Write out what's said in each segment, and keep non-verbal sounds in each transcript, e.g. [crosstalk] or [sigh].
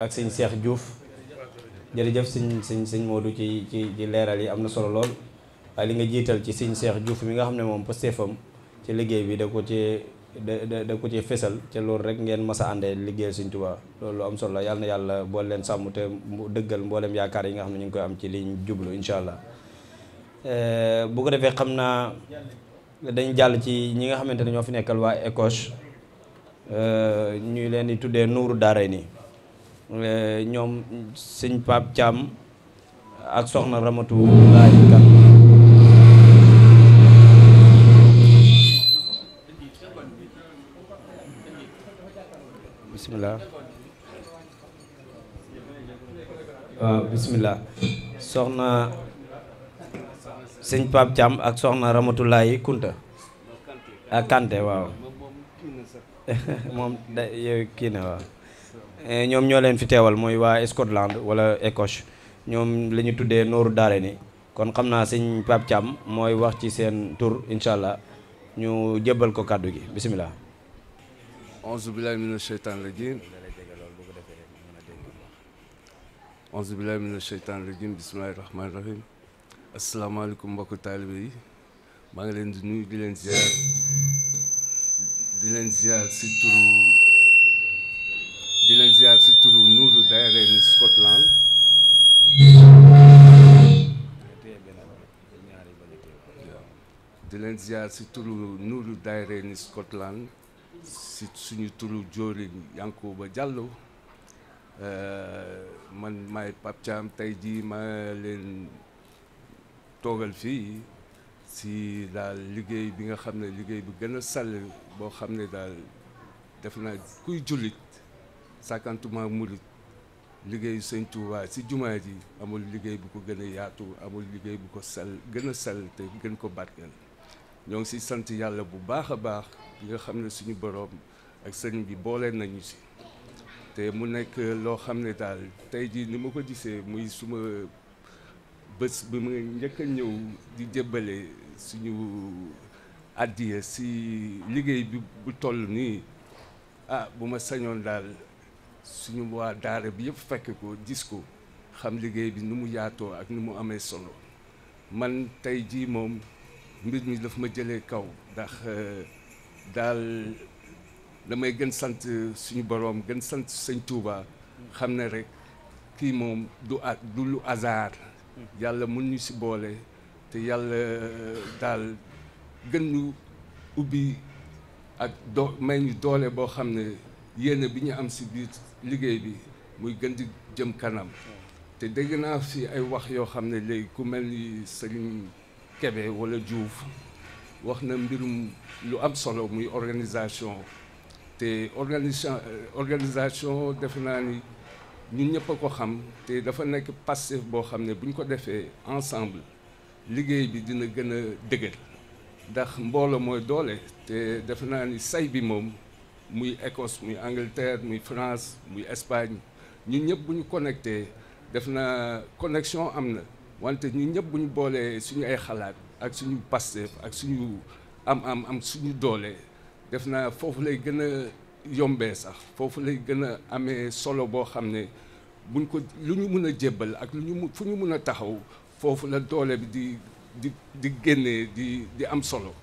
ak sëñ Cheikh Diouf jërëjëf sëñ sëñ sëñ Modou ci ci ci leeral yi am na solo lool waaye li nga jiital ci sëñ seex juuf mi nga xam ne moom pasteefam ci liggéey bi da ko ci da da ko ci fesal ca loolu rek ngeen mas a àndee liggéeyal sëñ Tuubaa loolu am solo la yàlla na yàlla boole leen sàmm te dëggal mboolem yaakaar yi nga xam ne ñu ngi koy am ci liñ jublu incha allah eh, bu ko defee xam naa dañ jàll ci ñi nga xamante ne ñoo fi nekkal waa ECHOCH eh, ñuy leen di tuddee nuuru daaray nii Euh, ñoom sëñ Pape Thiam ak soxna Ramatu Laay Kan bismillah waaw bismillah soxna sëñ Pape Thiam ak soxna Ramatu Laay Kunta ak Kanté waaw [laughs] moom da yow kii na waaw Eh, ñoom ñoo leen fi teewal mooy waaye Scotland wala Écosse ñoom la ñu tuddee nooru daare ni kon xam naa sëñ Pape Thiam mooy wax ci seen tour incha allah ñu jébbal ko kàddu gi bisimilah. auzu billahi mina sheytaan rajim auzu billahi mina sheytaan rajim bisimilahi rahmaani rahim asalaamaaleykum mbokku taalibe yi maa ngi leen di nuyu di leen ziar di leen ziar si turu di leen ziar si turu nuuru daayira ni Scotland di leen ziar si turu nuuru daayira ni Scotland suñu turu jóorin Yankuba Diallo euh, man maay Pape tey jii ma leen toogal fii si daal liggéey bi nga xam ne liggéey bu gën a sàll boo xam ne daal def naa kuy jullit sàkkantuma murit liggéeyu sëñ Touba si jumaa ji amul liggéey bu ko gën a yaatu amul liggéey bu ko sal gën a sal te gën ko barkeel ñoo ngi si sant yàlla bu baax a baax bi nga xam ne suñu boroom ak sëñ bi boole nañu si te mu nekk loo xam ne daal tey jii ni ma ko gisee muy suma bés bi ma njëkk a ñëw di jébbale suñu àddiya si liggéey bi bu toll nii ah bu ma sañoon daal suñu waa daara bi yëpp fekk ko gis ko xam liggéey bi nu mu yaatoo ak nu mu amee solo man tey jii moom mbir mi dafa ma jëlee kaw ndax euh, daal damay gën sant suñu boroom gën sant sëñ Touba xam ne rek kii moom du a du lu hasard yàlla mun ñu si boole te yàlla euh, daal gën ñu ubbi ak do may ñu doole boo xam ne yéene bi ñu am si biir liggéey bi muy gën di jëm kanam te dégg naa si ay wax yoo xam ne léegi ku mel ni Serigne kebe wala juuf wax na mbirum lu am solo muy organisation te organisation organisation defe naa ni ñu ñëpp a ko xam te dafa nekk passif boo xam ne bu ñu ko defee ensemble liggéey bi dina gën a dëgër ndax mbooloo mooy doole te defe naa ni say bi moom muy Écosse muy Angleterre muy France muy Espagne ñu ñëpp bu ñu connecté def na connexion am na wante ñun ñëpp bu ñu boolee suñu ay xalaat ak suñu Pastef ak suñu am am am suñu doolee def na foofu lay gën a yombee sax foofu lay gën a amee solo boo xam ne buñ ko lu ñu mun a jébbal ak lu ñu mu fu ñu mun a taxaw foofu la doole bi di di di génnee di di am solo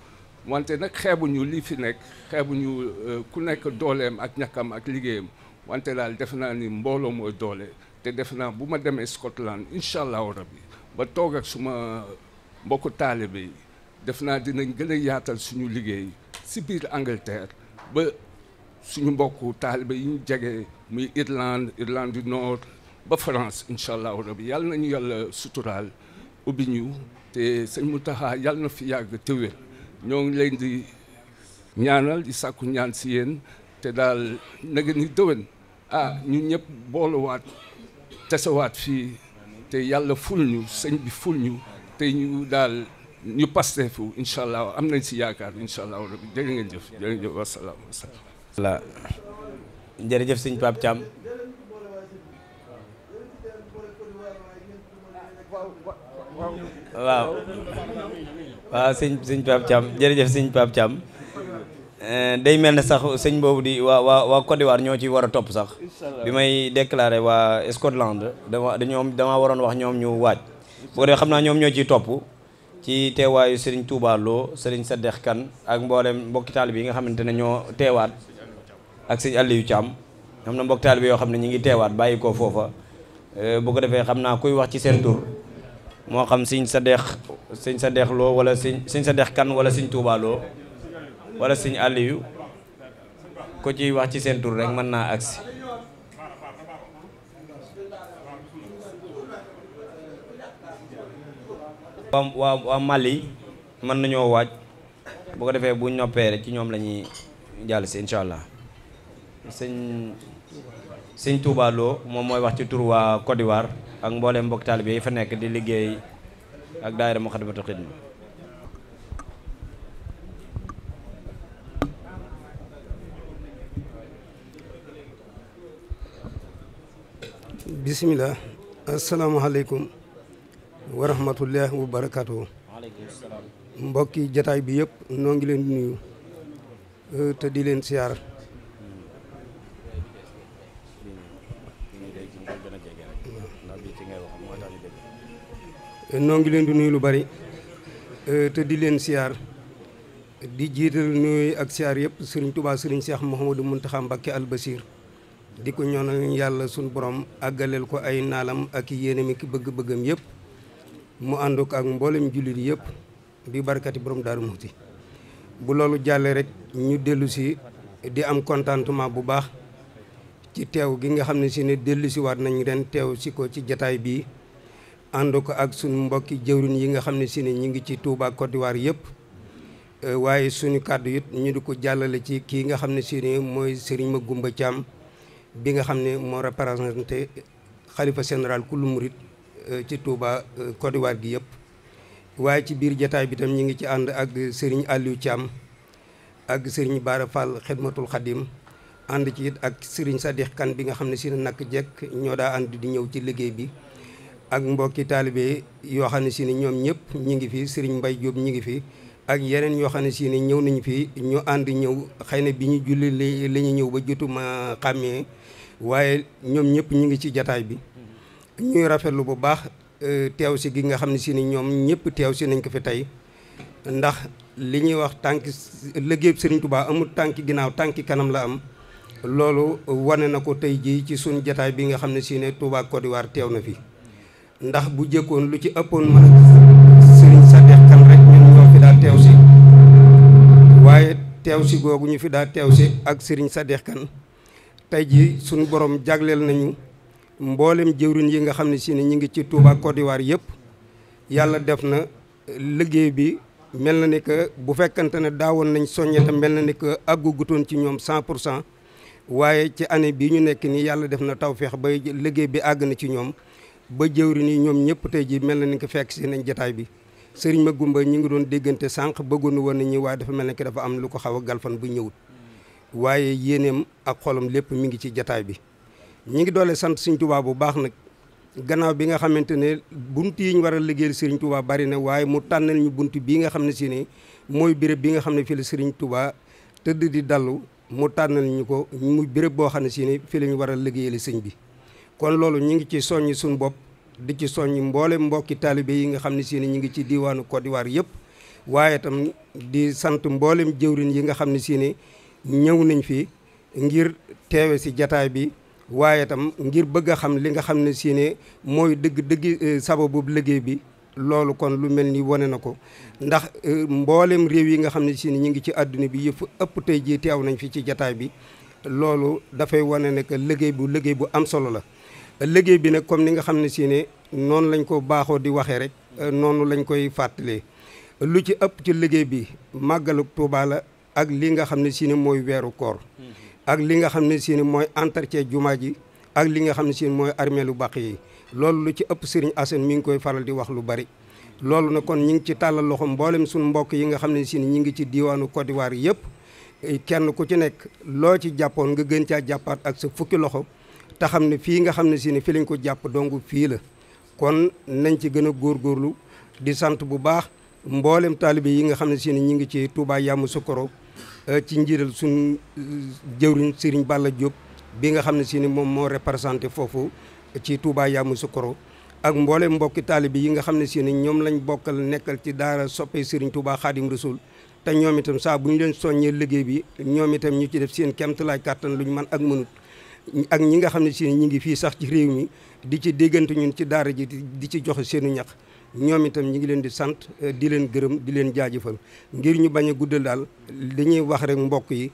wante nag xeebu ñu li fi nekk xeebu xeebuñu euh, ku nekk dooleem ak ñàkkam ak liggéeyam wante daal defe naa ni mbooloo mooy doole te defe naa bu ma demee Scotland incha allahu rabbi ba toog ak suma mbokku taalibe yi def naa dinañ gën a yaatal suñu liggéey si biir Angleterre ba suñu mbokk taalibe yi ñu jege muy Irlande Irlande du Nord ba France incha allahu rabbi yàlla nañu yàlla suturaal ubbi ñu te sëñ taxaa yàlla na fi yàgg te ñoo ngi leen di ñaanal di sàkku ñaan si yéen te daal na ngeen ni dëwén ah ñun ñëpp booluwaat tesewaat fii te yàlla ful ñu sëñ bi ful ñu te ñu daal ñu pasteefu incha allah am nañ si yaakaar incha allah rabbi jërë ngeen jëf jërë ngeen jëf waaw sëñ sëñ Pape Thiam jërëjëf sëñ Pape Thiam eh, day mel ne sax sëñ boobu di waa waa waa Côte ñoo ci war a topp sax bi may déclaré waa Scotland dama dañoom dama waroon wax ñoom ñu waaj bu ko defee xam naa ñoom ñoo ciy topp ci teewaayu sëriñ Touba Lo sa Sadex Kan ak mboolem mbokki taalib yi nga xamante ne ñoo teewaat ak sëñ Aliou Thiam am na mbokk taalib yoo xam ne ñu ngi teewaat bàyyi ko foofa eh, bu ko defee xam naa kuy wax ci seen tur moo xam sëñ sa deex sëñ sa deex loo wala sëñ sëñ sa dex kan wala sëñ Tuubaa walla wala àll Aliyu ko ciy wax ci seen tur rek mën naa agsi waa waa waa Mali mën nañoo waaj boo ko defee bu ñoppee rek ci ñoom la ñuy jàll si incha allah sëñ sëñ Touba moom mooy wax ci tur waa Côte ak mbooleem mbokk taalibe yi fa nekk di liggéey ak daayira Moukhaddamatoul Khidma bisimilah asalaamaaleykum wa rahmatullah wa barakaatu mbokki jataay bi yépp noo ngi leen di nuyu te di leen siyaar noo ngi leen di nuyu lu bari euh, te di leen siyaar di jiital nuyu ak siyaar yëpp sëriñ Touba sëriñ Cheikh Mouhamadou Mountakha Mbacké Al basiir di ko ñoonal yàlla suñu borom àggaleel ko ay naalam ak yéenami ki bëgg-bëggam yëpp mu ànduk ak mboolem jullit yëpp bi barkati borom Daaru Muxti bu loolu jàllee rek ñu dellu si di am contentement bu baax ci teew gi nga xam ne si ne dellu si waat nañ ren teew si ko ci jataay bii ànd ko ak suñu mbokki jëwriñ yi nga xam ne si ne ñu ngi ci Touba Côte d'Ivoire yëpp euh, waaye suñu kàddu yit ñu di ko jàllale ci kii nga xam ne si ne mooy ma Magoumba Thiam bi nga xam ne moo représenté xalifa général ku murit euh, ci Touba euh, Côte gi yépp waaye ci biir jataay bi tam ñu ngi ci ànd ak Serigne Aliou Thiam ak Serigne Bara Fall xidmatul xadim ànd ci it ak sëriñ Sadikh Kane bi nga xam ne si ne nak jekk ñoo daa ànd di ñëw ci liggéey bi ak mbokki taalibe yoo xam ne si ni ñoom ñëpp ñu ngi fi Serigne mbay Diop ñu ngi fi ak yeneen yoo xam ne si ni ñëw nañu fi ñu ànd ñëw xëy na bi ñu julli li la ñu ñëw ba jutu jotuma xàmmee waaye ñoom ñëpp ñu ngi ci jataay bi ñuy rafetlu bu baax euh, teew si gi nga xam ne si ni ñoom ñëpp teew si nañ ko fi tey ndax li ñuy wax tànk liggéey Serigne Touba amul tànki ginnaaw tànki kanam la am loolu wane na ko tey jii ci suñ jataay bi nga xam ne si ne Touba Côte d'Ivoire teew na fi ndax bu jëkkoon lu ci ëppoon ma sëriñ Sadex Kan rek ñun ñoo fi daal teew si waaye teew si googu ñu fi daal teew si ak sëriñ Sadex Kan tey ji suñu borom jagleel nañu mboolem jëwriñ yi nga xam ne si ne ñu ngi ci Touba Côte d'Ivoire yëpp yàlla def na liggéey bi mel na ni que bu fekkante ne daawoon nañ soññe mel na ni que àggugutoon ci ñoom cent pour cent waaye ci année bii ñu nekk nii yàlla def na tawféex ba liggéey bi àgg na ci ñoom ba jëwri nii ñoom ñëpp tey ji mel na ni ko fekk si nañ jataay bi sëriñ ma gumba ñu ngi doon déggante sànq bëggoon woon nañu waaye dafa mel ne ki dafa am lu ko xaw a galfan bu ñëwut waaye yéeneem ak xolam lépp mi ngi ci jataay bi ñu ngi doole sant sëriñ tubaa bu baax nag gannaaw bi nga xamante ne bunt yi ñu war a liggéeyal sëriñ Tuubaa bari na waaye mu tànnal ñu bunt bii nga xam ne si ne mooy béréb bi nga xam ne fii la sëriñ Tuubaa tëdd di dallu mu tànnal ñu ko mu béréb boo xam ne si ne fii la ñu war a liggéeyal sëñ bi kon loolu ñu ngi ci soññ suñu bopp di ci soññ mboole mbokki taalibe yi nga xam ne si ne ñu ngi ci diwaanu Côte d'Ivoire yëpp waaye itam di sant mboolem jëwrin yi nga xam ne si ne ñëw nañ fi ngir teewe si jataay bi waaye itam ngir bëgg a xam li nga xam ne si ne mooy dëgg dëgg eh, sababu liggéey bi loolu kon lu mel ni wane na ko ndax eh, mboolem réew yi nga xam ne si ne ñu ngi ci àdduna bi yëpp ëpp tey jii teew nañ fii ci jataay bi loolu dafay wane ne que liggéey bu liggéey bu am solo la liggéey bi nag comme ni nga xam ne si ne noonu lañ ko baaxoo di waxee rek euh, noonu lañ koy fàttalee lu ci ëpp ci liggéey bi màggalu Tuuba ak li nga xam ne siine ne mooy weeru koor ak li nga xam ne si mm-hmm. mooy entretien jumaa ji ak li nga xam ne si mooy mooy armeelu bàq yi loolu lu ci ëpp Sëriñ Asan mi ngi koy faral di wax lu bari loolu na kon ñu ngi ci tàllal loxo mboolem suñu mbokk yi nga xam ne si ñu ngi ci diwaanu Côte d'Ivoire yëpp kenn ku ci nekk loo ci jàppoon nga gën caa jàppaat ak sa fukki loxo te xam ne fii nga xam ne si ne fi lañ ko jàpp donc fii la kon nañ ci gën a góor góorlu di sant bu baax mboolem taalibe yi nga xam ne si ne ñu ngi ci Touba Yamoussoukro eh, ci njiital suñ eh, jëwriñ Serigne Balla Diop bi nga xam ne si ne moom moo représenté foofu ci Touba Yamoussoukro ak mboolem mbokki taalibe yi nga xam ne si ne ñoom lañ bokkal nekkal ci daara soppe Serigne Touba Khadim Rasoul te ñoom itam saa bu ñu leen soññee liggéey bi ñoom itam ñu ci def seen kemtalaay kàttan lu ñu mën ak mënut ak ñi nga xam ne si ñu ngi fii sax ci réew mi di ci déggante ñun ci daara ji di ci joxe seenu ñax ñoom itam ñu ngi leen di sant eh, di leen gërëm di leen jaajëfal ngir ñu bañ a guddal daal dañuy wax rek mbokk yi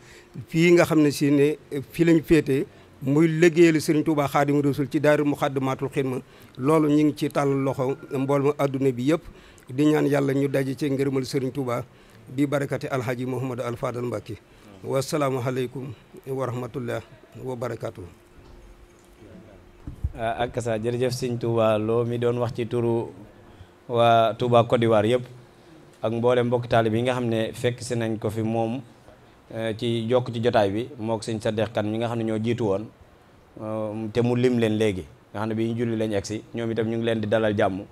fii nga xam ne si ne eh, fii lañ féetee muy liggéeyal Sëriñ Tuubaa Xaadimu Rasuul ci daar daara Muxaddamaatul Xidma loolu ñu ngi ci tàll loxo mboolem adduna bi yëpp di ñaan yàlla ñu daje ci ngërëmal Sëriñ Tuubaa bi barakati alhaji Mouhamadou Al Fadal Mbacke wasalaamualeykum wa rahmatullah wa barakaatu. Ah, ak sa jërëjëf sëñ Touba loo mi doon wax ci turu waa Touba Côte d'Ivoire yëpp ak mboolem mbokki taalib yi nga xam ne fekk si nañ ko fi moom eh, ci jokk ci jotaay bi moog sëñ Sadex Kan mi nga xam ne ñoo jiitu woon um, te mu lim leen léegi nga xam ne bi ñu julli lañ egg si ñoom tam ñu ngi leen di dalal jàmm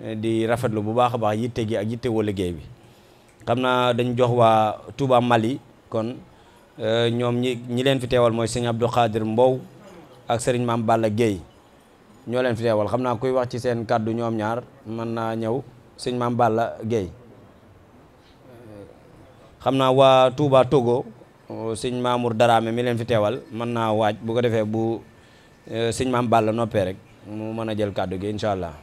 eh, di rafetlu bu baax a baax yitte gi ak yitte woo liggéey bi xam naa dañ jox waa Touba Mali kon. Euh, ñoom ñi ñi leen fi teewal mooy sëñ Abdou Khadir Mbow ak sëriñ Maam Balla Guèye ñoo leen fi teewal xam naa kuy wax ci seen kàddu ñoom ñaar mën naa ñëw sëñ Maam Balla Guèye xam naa waa Touba Togo sëñ Mamour Darame mi leen fi teewal mën naa waaj bu ko defee bu euh, sëñ Maam Balla noppee rek mu mën a jël kàddu gi incha allah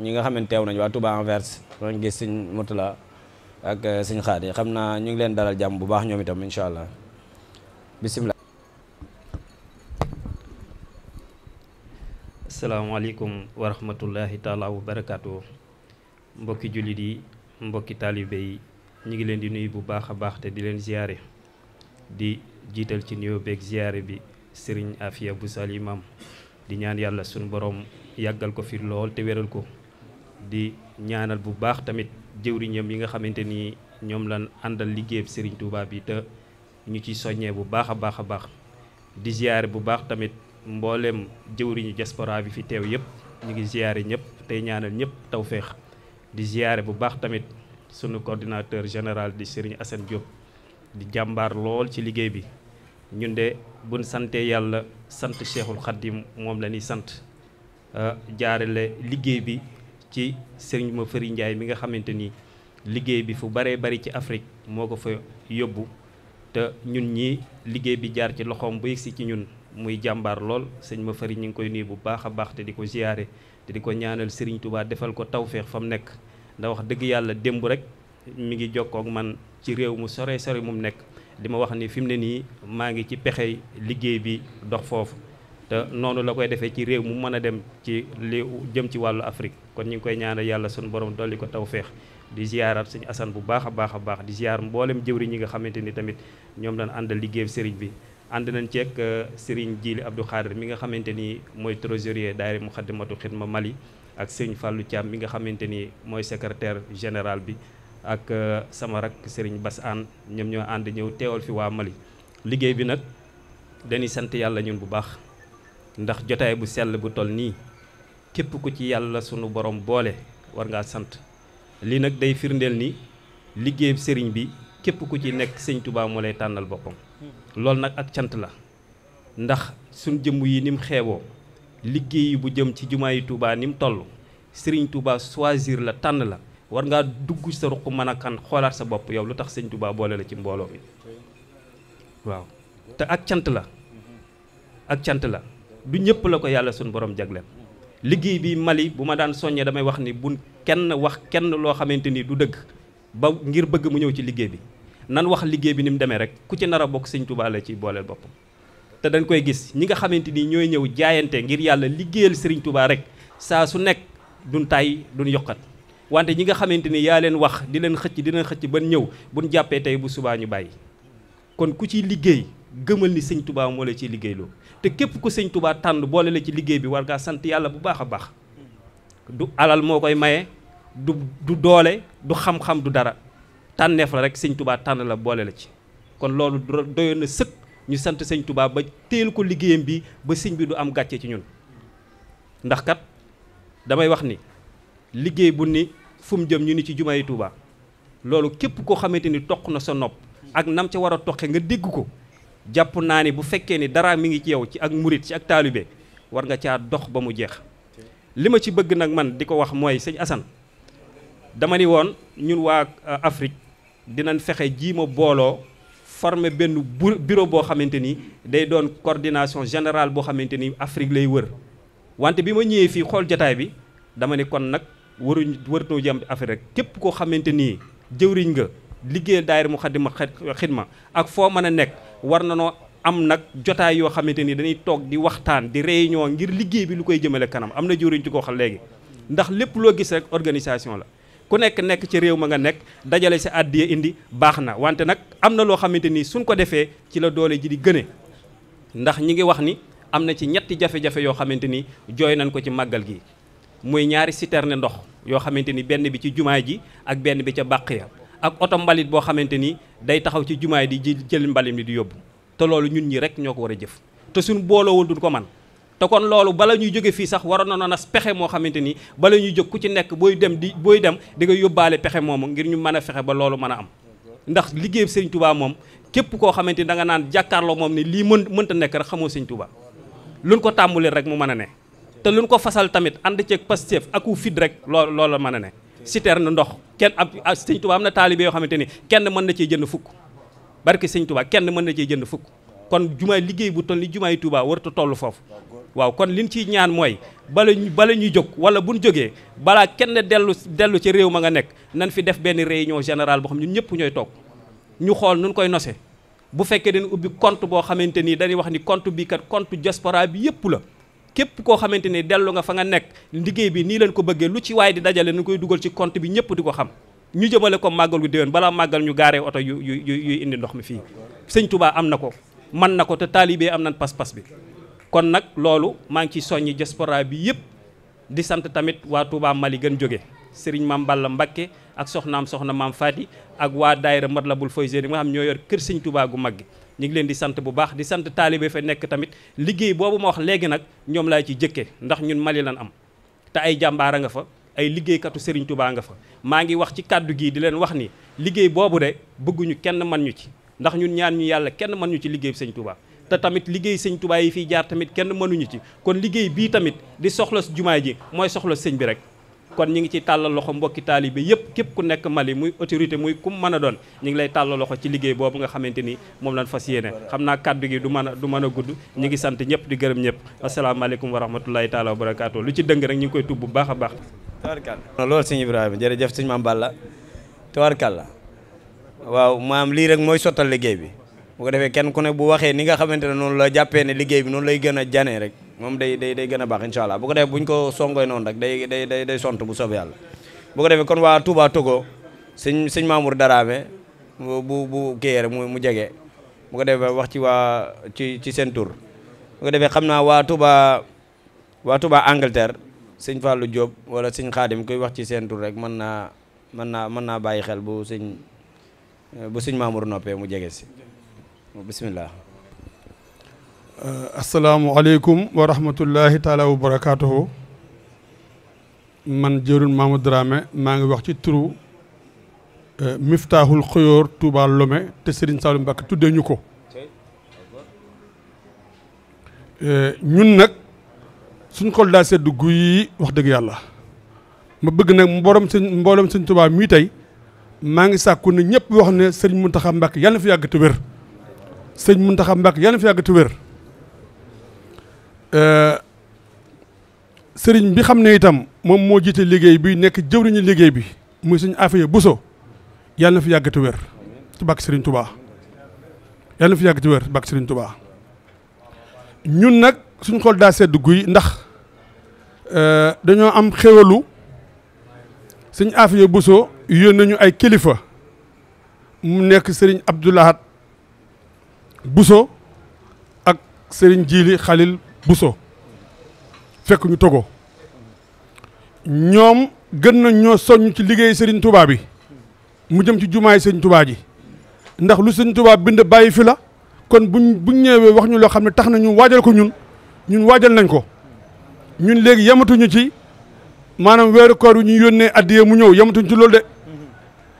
ñi nga xam ne teew nañ waa Touba Anvers doon gis sëñ Moutala ak euh, sëñ Khady xam naa ñu ngi leen dalal jàmm bu baax ñoom itam incha allah bisimilah. asalaamaaleykum wa rahmatullahi taala wa barakaatu mbokki jullit yi mbokki taalibe yi ñu ngi leen di nuyu bu baax a baax te di leen ziyaare di jiital ci nuyoo beeg ziyaare bi sëriñ Afia bu sal imam di ñaan yàlla suñu boroom yàggal ko fi lool te wéral ko di ñaanal bu baax tamit jëwriñam yi nga xamante ni ñoom lan àndal liggéeyab sëriñ Touba yi te. ñu ciy soññee bu baax a baax a baax di ziyaare bu baax tamit mbooleem jëwriñu diaspora bi fi teew yëpp ñu ngi ziyaare ñëpp tey ñaanal ñëpp tawféex di ziyaare bu baax tamit sunu coordinateur général di Serigne Assane Diop di jàmbaar lool ci liggéey bi ñun de buñ santee yàlla sant Cheikhul Khadim moom la ñuy sant euh, jaarale liggéey bi ci Serigne Mafari Ndiaye mi nga xamante ni liggéey bi fu baree bari ci Afrique moo ko fa yóbbu te ñun ñi liggéey bi jaar ci loxoom bu yegsi ci ñun muy jàmbaar lool sëñ ma fariñ ñu ngi koy nii bu baax a baax te di ko ziyaare te di ko ñaanal Serigne Touba defal ko tawféex fa mu nekk ndax wax dëgg yàlla démb rek mu ngi jokkook man ci réew mu sore sore mu mu nekk li ma wax ni fi mu ne nii maa ngi ci pexey liggéey bi dox foofu te noonu la koy defee ci réew mu mën a dem ci li jëm ci wàllu Afrique kon ñu ngi koy ñaanal yàlla sunu borom dolli ko tawféex di ziarat sëñ Assane bu baax a baax a baax di ziar mboolem jëwriñ yi nga xamante ni tamit ñoom lañ àndal liggéey sëriñ bi ànd nañ ceeg euh, sëriñ Jili Abdou Khadir mi nga xamante ni mooy trésorier daayira Muxaddamatul ma Mali ak sëriñ Fallou Thiam mi nga xamante ni mooy secrétaire général bi ak euh, sama rak sëriñ Bas Aan ñoom ñoo ànd ñëw teewal fi waa Mali liggéey bi nag dañuy sant yàlla ñun bu baax ndax jotaay bu sell bu toll nii képp ku ci yàlla sunu borom boole war ngaa sant li nag day firndeel ni liggéey sëriñ bi képp ku ci nekk sëñ Touba moo lay tànnal boppam loolu nag ak cant la ndax suñ jëmm yi ni mu xeeboo liggéey bu jëm ci jumaa yi Touba ni mu toll sëriñ tubaa choisir la tànn la war ngaa dugg sa ruq mën a kan xoolaat sa bopp yow lu tax sëñ Touba boole la ci mbooloo mi waaw te ak cant la ak cant la du ñëpp la ko yàlla suñ borom jagleel liggéey bi Mali bu ma daan soññee damay wax ni bu kenn wax kenn loo xamante ni du dëgg ba ngir bëgg mu ñëw ci liggéey bi nan wax liggéey bi ni mu demee rek ku ci nar a bokk sëñ Tuubaa la ci booleel boppam te dañ koy gis ñi nga xamante ni ñooy ñëw jaayante ngir yàlla liggéeyal sëriñ Tuubaa rek saa su nekk duñ tay duñ yokkat wante ñi nga xamante ni yaa leen wax di leen xëcc di leen xëcc ban ñëw buñ jàppee tey bu subaa ñu bàyyi kon ku ciy liggéey gëmal ni sëñ tubaa moo la liggéey liggéeyloo te képp ku sëñ tubaa tànn boole la ci liggéey bi war ngaa sant yàlla bu baax baax du alal moo koy maye du doole du xam-xam du dara tànneef la rek sëñ tubaa tànn la boole la ci kon loolu doyoon na sëkk ñu sant sëñ tubaa ba teel ko liggéeyam bi ba sëñ bi du am gàcce ci ñun ndax kat damay wax ni liggéey bu ni fu jëm ñu ni ci jumaa yi tubaa loolu képp koo xamante ni toq na sa nopp ak nam ca war a toqe nga dégg ko jàpp naa ni bu fekkee ni dara mi ngi ci yow ci ak murit ci ak taalibe war nga caa dox ba mu jeex li ma ci bëgg nag man di ko wax mooy sëñ Assane dama ni woon ñun waa euh, Afrique dinañ fexe ji ma booloo forme benn bureau boo xamante ni day doon cordination générale boo xamante ni Afrique lay wër wante bi ma ñëwee fii xool jataay bi dama ni kon nag waruñ wërtoo jëm Afrique rek képp koo xamante ni jëwriñ nga liggéeyal daayira mu xaddima xidma ak foo mën a nekk war na noo am nag jotaay yoo xamante ni dañuy toog di waxtaan di réunion ngir liggéey bi lu koy jëmale kanam am na jëriñ ci ko xam léegi ndax lépp loo gis rek organisation la ku nekk nekk ci réew ma nga nekk dajale si àddiya indi baax na wante nag am na loo xamante ni suñ ko defee ci la doole ji di gëne ndax ñi ngi wax ni am na ci ñetti jafe-jafe yoo xamante ni jooy nañ ko ci màggal gi muy ñaari citerne ndox yoo xamante ni benn bi ci jumaa ji ak benn bi ca bàq ya ak oto mbalit boo xamante ni day taxaw ci jumaay di jël mbalit mi di yóbbu te loolu ñun ñi rek ñoo ko war a jëf te suñ booloowul duñ ko man te kon loolu bala ñuy jóge fii sax waroon na nas pexe moo xamante ni bala ñuy jóg ku ci nekk booy dem di booy dem di nga yóbbaale pexe moomu ngir ñu mën a fexe ba loolu mën a am ndax liggéey sëñ Touba moom képp koo xamante ni da nga naan jàkkaarloo moom ni lii mën mënta nekk rek xamoo sëñ Touba luñ ko tàmbulee rek mu mën a ne te luñ ko fasal tamit ànd ceeg Pastef aku fit rek loolu loolu mën a ne na ndox kenn ab ah, sëñ Tuubaa am na taalibe yoo xamante ni kenn mën na cee jënd fukk barke sëñ Tuubaa kenn mën na cee jënd fukk kon jumaay liggéey bu toll ni jumaay Tuubaa warta toll foofu waaw kon liñ ciy ñaan mooy bala ñu bala ñuy jóg wala buñ jógee balaa kenn dellu dellu ci réew ma nga nekk nan fi def benn réunion générale boo xam ñun ñëpp ñooy toog ñu xool nuñ koy nose bu fekkee dañu ubbi compte boo xamante nii dañuy wax ni compte bi kat compte diaspora bi yëpp la képp koo xamante ni dellu nga fa nga nekk liggéey bi nii leen ko bëggee lu ci waaye di dajale nu koy dugal ci compte bi ñëpp di ko xam ñu jëmale ko màggal gu déwén balaa màggal ñu gaaree oto yu yu yuy indi ndox mi fii sëñ Touba am na ko man na ko te taalibe am nañ pas-pas bi kon nag loolu maa ngi ciy soññi diaspora bi yëpp di sant tamit waa Touba Mali gën jóge sëriñ maam Balla Mbakke ak soxnaam soxna maam Fati ak waa daayira Matlabul Fawzeyni nga xam ñoo yor kër sëñ Touba gu mag gi ñu ngi leen di sant bu baax di sant taalibe fa nekk tamit liggéey boobu ma wax léegi nag ñoom laa ci jëkke ndax ñun Mali lan am te ay jàmbaar a nga fa ay liggéeykatu Serigne Touba nga fa maa ngi wax ci kàddu gii di leen wax ni liggéey boobu de bëgguñu kenn man ñu ci ndax ñun ñaan ñu yàlla kenn mën ñu ci liggéey sañ Touba te tamit liggéey sëñ Touba yi fiy jaar tamit kenn mënuñu ci kon liggéey bii tamit di soxla jumaa ji mooy soxla sëñ bi rek kon ñi ngi ci tàllal loxo mbokki taalibe yépp képp ku nekk Mali muy autorité muy kum mën a doon ñi ngi lay tàllal loxo ci liggéey boobu nga xamante ni moom laan fas yéene xam naa kàddu gi du mën a du mën a gudd ñi ngi sant ñëpp di gërëm ñëpp asalaamaaleykum wa rahmatullahi taala wa barakaatu lu ci dëng rek ñi ngi koy tub bu baax a baax tawarkal loolu sëñ Ibrahima jërëjëf sëñ Maam Balla tawarkal la waaw maam lii rek mooy sottal liggéey bi bu ko defee kenn ku ne bu waxee ni nga xamante ne noonu la jàppee ne liggéey bi noonu lay gën a janee rek moom day day day gën a baax incha allah bu ko defee buñ ko songoy noonu rek day day day day sont bu soobee yàlla bu ko defee kon waa Touba Togo sëñ sëñ Mamour Darame bu bu kii rek mu jege bu ko defee wax ci waa ci ci seen tur bu xam naa waa Touba waa sëñ Fallou Diop wala sëñ Khadim koy wax ci seen rek mën naa mën naa mën naa bàyyi xel bu sëñ bu sëñ Mamour noppee mu jege si bisimilah. Euh, asalaamualeykum wa rahmatullahi taala wa barakaatuhu man jërun Mamou Dramé maa ngi wax ci turu euh, Miftaahul Xëyoor Touba Lomé te Serigne Saliou Mbacké tuddee ñu ko. Euh, ñun nag suñ xol daa sedd guy wax dëgg yàlla ma bëgg nag mboolem sëñ mboolem sëñ Touba mii tey maa ngi sàkku na ñëpp wax ne Serigne Mountakha Mbacké yàlla fi yàgg te wér. sëñ Muntaxa Mbàkke yàlla na fi yàgg te euh, sëriñ bi xam na itam moom moo jiite liggéey bi nekk jëwriñu liggéey bi muy sëñ Afiya Buso yàlla na fi yàgg te wér ci bàkk sëriñ Tubaa yàlla na fi yàgg te wér ci bàkk sëriñ Tubaa ñun nag suñ xool daa sedd guy ndax euh, dañoo am xéwalu sëñ Afiya Buso yónnee nañu ay kilifa mu nekk sëriñ Abdoulahat buso ak Serigne Djili Khalil Bousso fekk ñu Togo ñoom gën na ñoo soññ ci liggéey Serigne Touba bi mu jëm ci jumaay Serigne Touba ji ndax lu Serigne Touba bind bàyyi fi la kon buñ buñ ñëwee wax ñu loo xam ne tax na ñu waajal ko ñun ñun waajal nañ ko ñun léegi yamatuñu ci maanaam weeru koor wi ñu yónnee addiya mu ñëw yamatuñu ci loolu de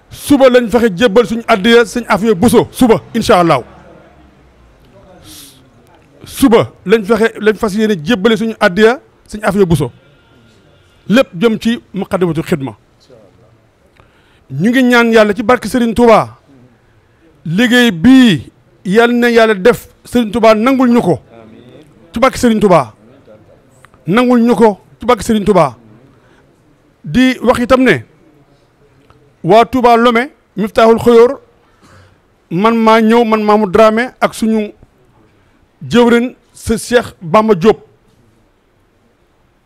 suba lañ fexe jébbal suñu addiya Serigne Afia Bousso suba incha allah. suba lañ fexe lañ fas yéene jébbale suñu addiya suñu bu so lépp jëm ci muqaddamatul xidma ñu ngi ñaan yàlla ci barke sëriñ Touba liggéey bii yal na yàlla def Serigne Touba nangul ñu ko ci barke Serigne Touba nangul ñu ko ci barke sëriñ Touba di wax itam ne waa Touba lome Miftaahul Xoyoor man maa ñëw man Mamour Dramé ak suñu. jëwrin si Cheikh Bamba Diop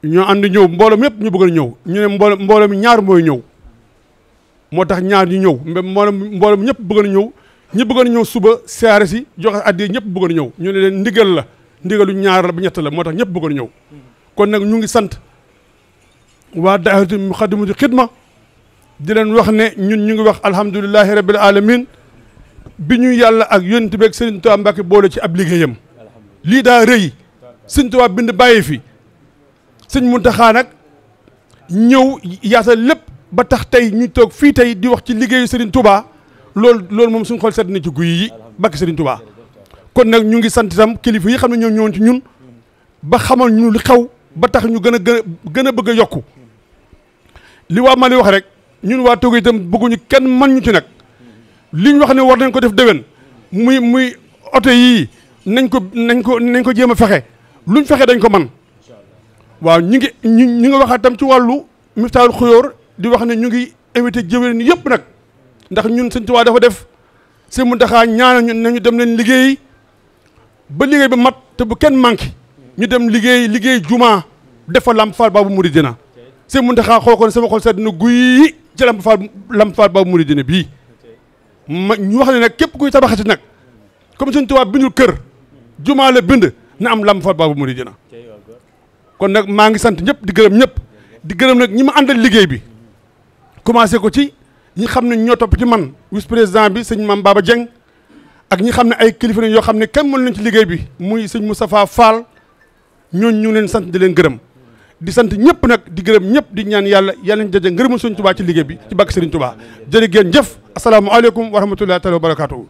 ñoo ànd ñëw mbooloo mi yëpp ñu bëgg a ñëw ñu ne mbooloo mbooloo mi ñaar mooy ñëw moo tax ñaar ñu ñëw mbooloo mbooloo mi ñëpp bëgg a ñëw ñi bëgg na ñëw suba siyaare si joxe yi ñëpp bëgg a ñëw ñu ne leen ndigal la ndigalu ñaar la ba ñett la moo tax ñëpp bëgg a ñëw kon nag ñu ngi sant waa daahiratu Muxaddamatul Xidma di leen wax ne ñun ñu ngi wax alhamdulillahi rabbil alamin bi ñu yàlla ak yonent bi ak Sëriñ Tuubaa Mbàkke boole ci ab liggéeyam lii daa rëy sëñ Tuubaa bind bàyyi fi sëñ Muntaxaa nag ñëw yaatal lépp ba tax tey ñu toog fii tey di wax ci liggéeyu Serigne tubaa loolu loolu moom suñ xol sedd na ci guy yi bakki Serigne Touba kon nag ñu ngi sant itam kilifa yi xam ne ñoo ñëwoon ci ñun ba xamal ñu li xew ba tax ñu gën a gën a gën a bëgg a yokku li waa Mali wax rek ñun waa Togo itam bëgguñu kenn man ñu ci nag liñ wax ne war nañ ko def déwén muy muy oto yii. nañ ko nañ ko nañ ko jéem a fexe luñ fexe dañ ko man waaw ñu ngi ñu ñu ngi waxaat tam ci wàllu miftaaxul xuyóor di wax ne ñu ngi invité jëwéen yëpp nag ndax ñun sëñ Tuubaa dafa def sëñ Muntaxaa ñaanal ñu nañu dem leen liggéey ba liggéey ba mat te bu kenn manqué ñu dem liggéey liggéey juma def fa Lamp Fall Baabul Muridiina sëñ Muntaxaa xool ko ne sama xol sedd na guy ci Lamp Fall Lamp Fall Baabul Muridiina bii ma ñu wax ne nag képp kuy tabaxati nag comme sëñ Tuubaa bindul kër jumaa la bind na am lam fal baabu muridina kon nag maa ngi sant ñëpp di gërëm ñëpp di gërëm nag ñi ma àndal liggéey bi commencé ko ci ñi xam ne ñoo topp ci man vice président bi sëñ Mame Baba Dieng ak ñi xam ne ay kilifa yoo xam ne kenn mën nañ ci liggéey bi muy sëñ Moustapha Fall ñooñ ñu ngi leen sant di leen gërëm di sant ñëpp nag di gërëm ñëpp di ñaan yàlla yàlla nañ jaje ngërëmu sëñ Touba ci liggéey bi ci bàkk sëriñ Touba jërë ngeen jëf asalaamaaleykum wa rahmatullahi taala wa barakaatu